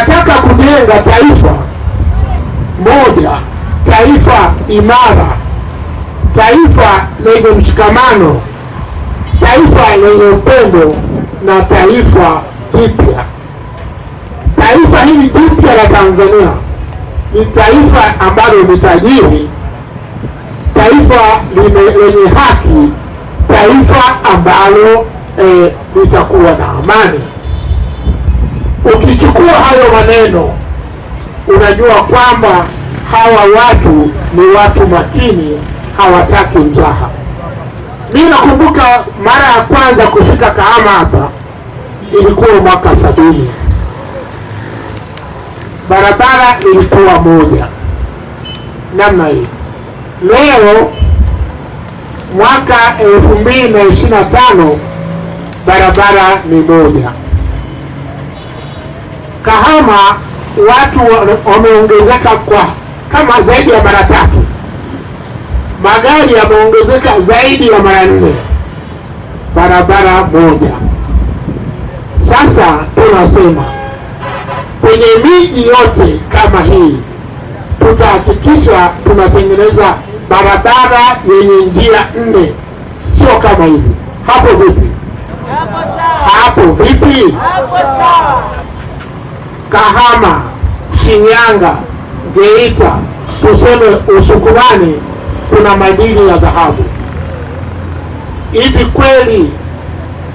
tunataka kujenga taifa moja, taifa imara, taifa lenye mshikamano, taifa lenye upendo na taifa jipya. Taifa hili jipya la Tanzania ni taifa ambalo ni tajiri, taifa lenye haki, taifa ambalo eh, litakuwa eh, na amani. Ukichukua hayo maneno, unajua kwamba hawa watu ni watu makini, hawataki mzaha. Mimi nakumbuka mara ya kwanza kufika Kahama hapa ilikuwa mwaka sabini. Barabara ilikuwa moja namna hii. Leo mwaka elfu mbili na ishirini na tano barabara ni moja. Dodoma watu wameongezeka kwa kama zaidi ya mara tatu, magari yameongezeka zaidi ya mara nne, barabara moja. Sasa tunasema kwenye miji yote kama hii tutahakikisha tunatengeneza barabara yenye njia nne, sio kama hivi. Hapo vipi? Hapo vipi? Hapo Kahama, Shinyanga, Geita, tuseme Usukumani kuna madini ya dhahabu. Hivi kweli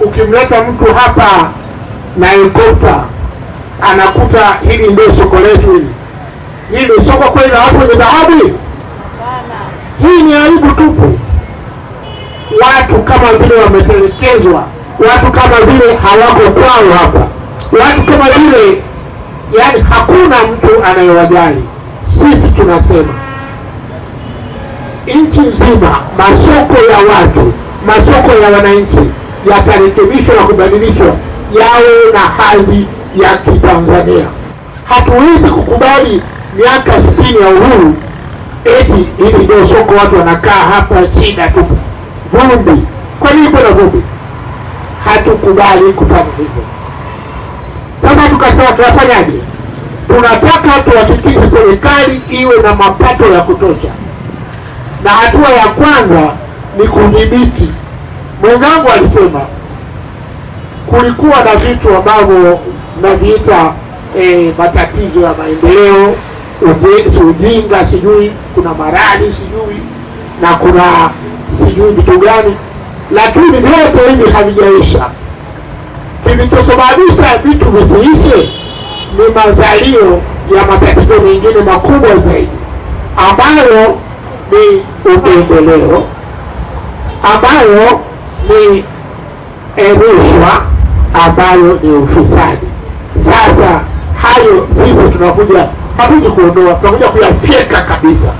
ukimleta mtu hapa na helikopta anakuta hili ndio soko letu, hili hili soko kweli la watu wenye dhahabu? Hii ni aibu tupu. Watu kama vile wametelekezwa, watu kama vile hawako kwao hapa, watu kama vile yaani hakuna mtu anayewajali. Sisi tunasema nchi nzima, masoko ya watu, masoko ya wananchi yatarekebishwa na kubadilishwa yawe na hadhi ya Kitanzania. Hatuwezi kukubali miaka sitini ya uhuru eti hili ndio soko, watu wanakaa hapa china tu, vumbi. Kwa nini kuna vumbi? Hatukubali kufanya hivyo. Sasa tukasema tunafanyaje? Tunataka tuwafikishe serikali iwe na mapato ya kutosha, na hatua ya kwanza ni kudhibiti. Mwenzangu alisema kulikuwa na vitu ambavyo naviita e, matatizo ya maendeleo, ujinga, sijui kuna maradhi, sijui na kuna sijui vitu gani, lakini vyote hivi havijaisha kilichosababisha vitu visiishe ni mazalio ya matatizo mengine makubwa zaidi ambayo ni upendeleo, ambayo ni rushwa, ambayo ni ufisadi. Sasa hayo sisi tunakuja, hatuji kuondoa, tunakuja kuyafyeka kabisa.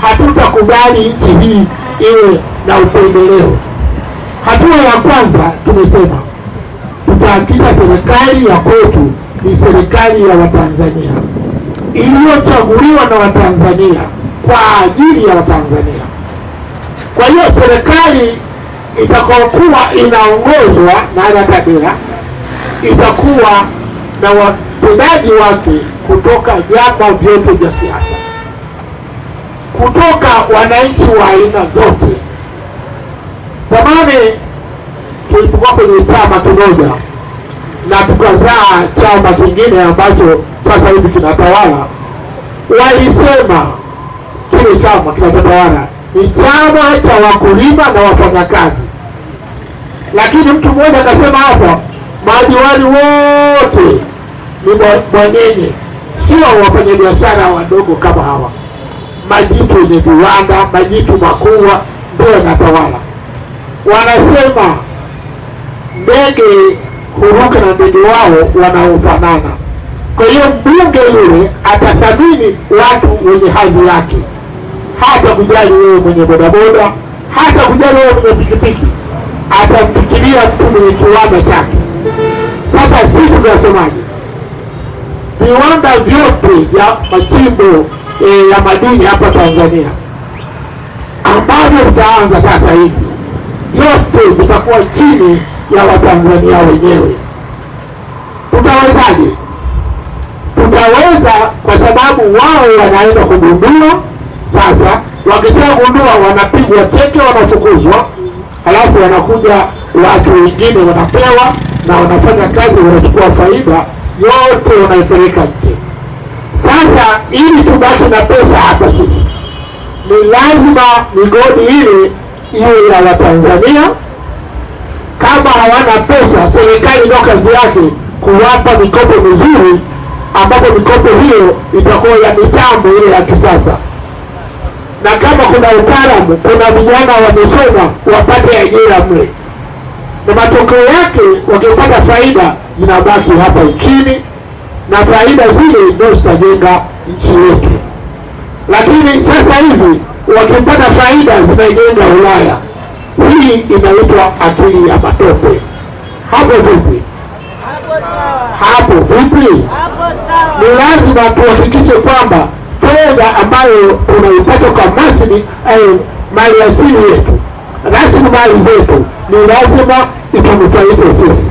Hatutakubali nchi hii iwe na upendeleo. Hatua ya kwanza tumesema hakika serikali ya kwetu ni serikali ya Watanzania iliyochaguliwa na Watanzania kwa ajili ya Watanzania. Kwa hiyo serikali itakokuwa inaongozwa na Anatadea itakuwa na watendaji wake kutoka vyama vyote vya siasa, kutoka wananchi wa aina zote. Zamani tulipokuwa kwenye chama kimoja na tukazaa chama kingine ambacho sasa hivi kinatawala. Walisema kile chama kinachotawala ni chama cha wakulima na wafanyakazi, lakini mtu mmoja akasema hapa madiwani wote ni mwanyenye sio wafanyabiashara wadogo kama hawa. Majitu yenye viwanda, majitu makubwa ndio yanatawala. Wanasema ndege huruka na ndege wao wanaofanana. Kwa hiyo mbunge yule atathamini watu wenye hadhi yake, hata kujali wewe mwenye bodaboda, hata kujali wewe mwenye pikipiki, atamfikiria mtu mwenye kiwanda chake. Sasa sisi tunasemaje? Viwanda vyote vya machimbo e, eh, ya madini hapa Tanzania ambavyo vitaanza sasa hivi vyote vitakuwa chini ya Watanzania wenyewe. Tutawezaje? Tutaweza kwa sababu wao wanaenda kugundua sasa. Wakishagundua wanapigwa teke, wanafukuzwa, halafu wanakuja watu wengine wanapewa na wanafanya kazi, wanachukua faida yote wanaipeleka nje. Sasa ili tubaki na pesa hapa sisi, ni lazima migodi ile iwe ya Watanzania kama hawana pesa, serikali ndio kazi yake kuwapa mikopo mizuri, ambapo mikopo hiyo itakuwa ya mitambo ile ya kisasa, na kama kuna utaalamu, kuna vijana wamesoma wapate ajira mle, na matokeo yake wakipata faida zinabaki hapa nchini, na faida zile ndio zitajenga nchi yetu. Lakini sasa hivi wakipata faida zinajenga Ulaya. Hii inaitwa akili ya matope. Hapo vipi? Hapo vipi? Ni lazima tuhakikishe kwamba fedha ambayo tunaipata kwa masini eh, mali asili yetu, rasilimali zetu, ni lazima itunufaishe sisi.